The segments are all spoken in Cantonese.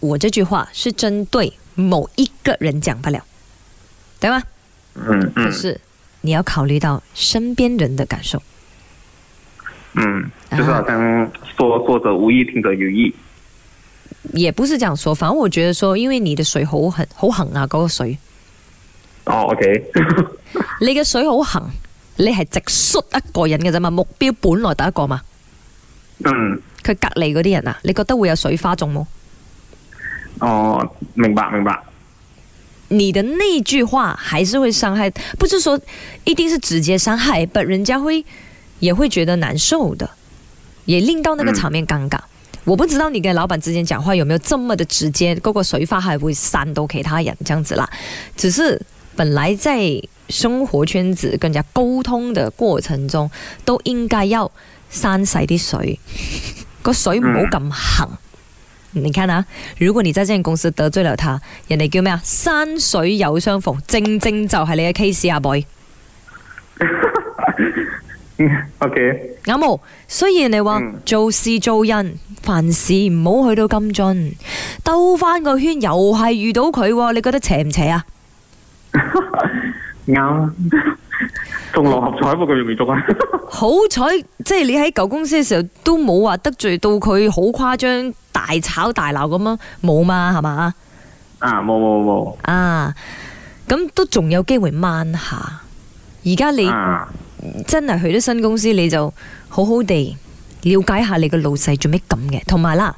我這句話是針對某一個人講不了，對嗎？嗯嗯。是你要考慮到身邊人的感受。嗯，就是好像說、啊、說者無意，聽者有意。也不是這樣說，反正我覺得說，因為你嘅水好橫，好橫啊，嗰、那個水。哦、oh，OK 你很很。你嘅水好橫，你係直摔一個人嘅啫嘛？目標本來得一個嘛。嗯。佢隔籬嗰啲人啊，你覺得會有水花中冇？哦，明白明白。你的那句話還是會傷害，不是說一定是直接傷害，但人家會也會覺得難受的，也令到那個場面尷尬。嗯、我不知道你跟老闆之間講話有沒有這麼的直接，個個水發還會傷到其他人，這樣子啦。只是本來在生活圈子跟人家溝通的過程中，都應該要刪晒啲水，個水唔好咁橫。嗯。你看啊，如果你在呢間公司得罪了他，人哋叫咩啊？山水有相逢，正正就係你嘅 case 啊，boy。O K。啱、 okay. 雖然你話、嗯、做事做人，凡事唔好去到咁盡，兜翻個圈又係遇到佢、哦，你覺得邪唔邪啊？啱。 同六合彩冇咁容易中啊！ 好彩，即、就、係、是、你喺舊公司嘅時候都冇話得罪到佢，好誇張大吵大鬧咁啊？冇嘛，係嘛啊？啊，冇冇冇！啊，咁、啊、都仲有機會掹下。而家你、啊、真係去咗新公司，你就好好地了解下你個老細做咩咁嘅。同埋啦，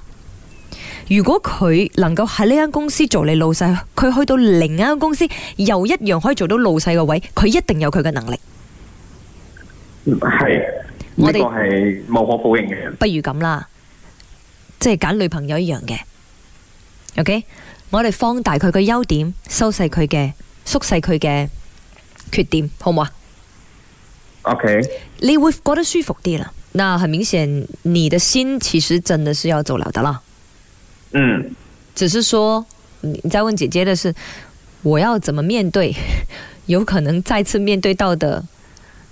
如果佢能夠喺呢間公司做你老細，佢去到另一間公司又一樣可以做到老細個位，佢一定有佢嘅能力。係，呢、這個係無可否認嘅。不如咁啦，即係揀女朋友一樣嘅。OK，我哋放大佢嘅優點，收細佢嘅、縮細佢嘅缺點，好唔好啊？OK，你會覺得舒服啲啦。那很明顯，你的心其實真的是要走了的啦。嗯，只是說，你再問姐姐的，就是我要怎麼面對， 有可能再次面對到的。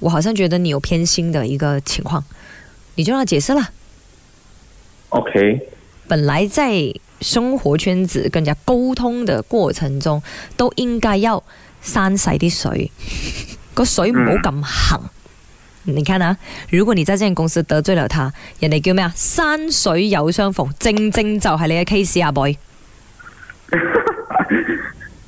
我好像覺得你有偏心的一個情況，你就讓他解釋了。OK。本來在生活圈子跟人家溝通的過程中，都應該要山細啲水，個水唔好咁橫。Mm. 你看啊，如果你在這間公司得罪了他，人哋叫咩啊？山水有相逢，正正就係你嘅 case 啊，boy。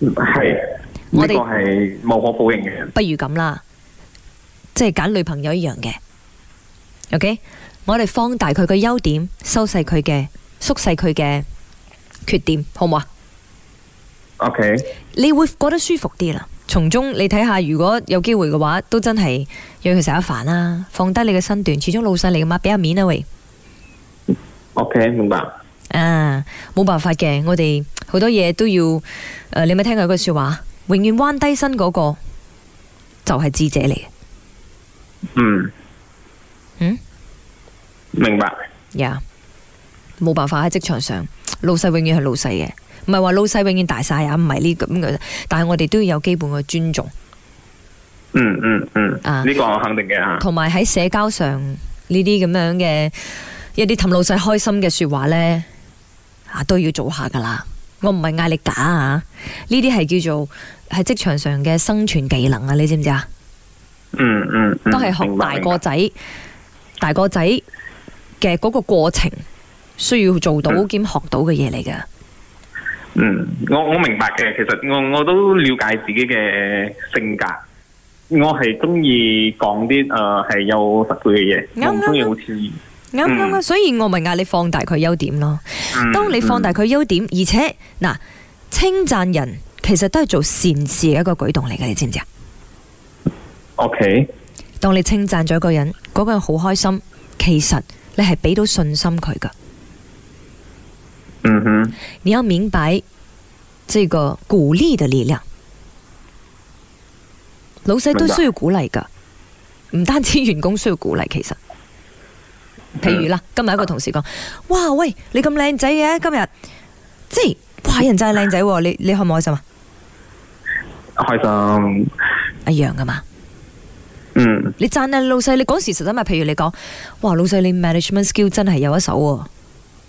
係、啊，呢、這個係無可否認嘅。不如咁啦，即係揀女朋友一樣嘅。OK，我哋放大佢嘅優點，收細佢嘅，縮細佢嘅缺點，好唔好啊？OK，你會覺得舒服啲啦。從中你睇下，如果有機會嘅話，都真係讓佢食下飯啦。放低你嘅身段，始終老細嚟嘅嘛，俾下面啊喂。OK 明白。啊，冇辦法嘅，我哋好多嘢都要誒、呃，你有冇聽過一句說話？永遠彎低身嗰個就係智者嚟嘅。嗯嗯，明白。呀，冇辦法，喺職場上，老細永遠係老細嘅，唔係話老細永遠大晒啊，唔係呢咁嘅。但係我哋都要有基本嘅尊重。嗯嗯嗯，啊，呢、這個我肯定嘅吓、啊。同埋喺社交上呢啲咁樣嘅一啲氹老細開心嘅說話呢。啊，都要做下噶啦，我唔係嗌你假啊，呢啲係叫做喺職場上嘅生存技能啊，你知唔知啊？嗯嗯，嗯，都係學大個仔，大個仔嘅嗰個過程需要做到兼、嗯、學到嘅嘢嚟噶。嗯，我我明白嘅，其實我我都了解自己嘅性格，我係中意講啲誒係有實際嘅嘢，我唔中意好似。啱啱、嗯、所以我咪嗌你放大佢優點咯、嗯。當你放大佢優點、嗯，而且嗱，稱讚人其實都係做善事嘅一個舉動嚟嘅，你知唔知啊？O K，當你稱讚咗一個人，嗰、那個人好開心，其實你係俾到信心佢噶。嗯哼，你要明白這個鼓勵的力量，老細都需要鼓勵噶，唔單止員工需要鼓勵，其實。譬如啦，今日一個同事講：，哇喂，你咁靚仔嘅，今日即係話人真係靚仔，你你開唔開心啊？開心，一樣噶嘛。嗯，你讚啊老細，你嗰時實在咪？譬如你講，哇老細你 management skill 真係有一手、啊，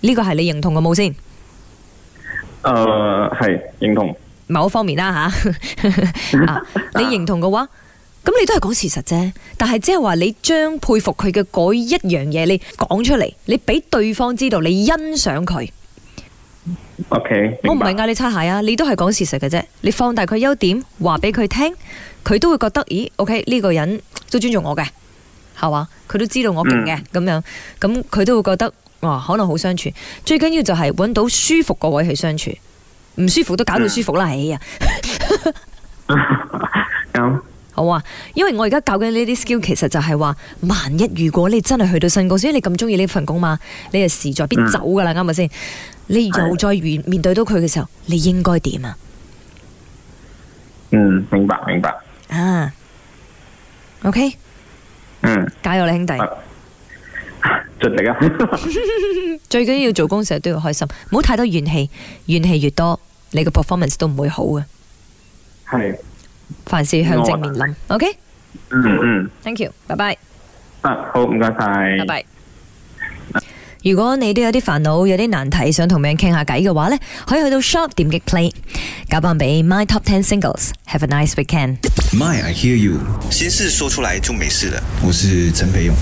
呢個係你認同嘅冇先？誒、呃，係認同某一方面啦、啊、吓、 啊，你認同嘅話。咁你都係講事實啫，但係即係話你將佩服佢嘅嗰一樣嘢，你講出嚟，你俾對方知道你欣賞佢。OK，我唔係嗌你擦鞋啊，你都係講事實嘅啫。你放大佢優點，話俾佢聽，佢都會覺得，咦？OK，呢個人都尊重我嘅，係嘛？佢都知道我勁嘅咁樣，咁佢都會覺得，哇，可能好相處。最緊要就係揾到舒服個位去相處，唔舒服都搞到舒服啦，哎呀。好啊，因為我而家搞緊呢啲 skill，其實就係話，萬一如果你真係去到新公司，所以你咁中意呢份工嘛，你係時在必走噶啦，啱咪先？你又再遇面對到佢嘅時候，你應該點啊？嗯，明白明白。啊，OK，嗯，加油你兄弟，盡、啊、力啊！ 最緊要做工時候都要開心，唔好太多怨氣，怨氣越多，你個 performance 都唔會好嘅。係。凡事向正面諗，OK。嗯 okay? 嗯，嗯，Thank you，拜拜，啊。好，唔該晒。拜拜，啊。如果你都有啲煩惱、有啲難題，想同人傾下偈嘅話呢，可以去到 Shop 點擊 Play，加翻俾 My Top Ten Singles。Have a nice weekend。My I hear you。心事說出來就沒事了。我是陳培勇。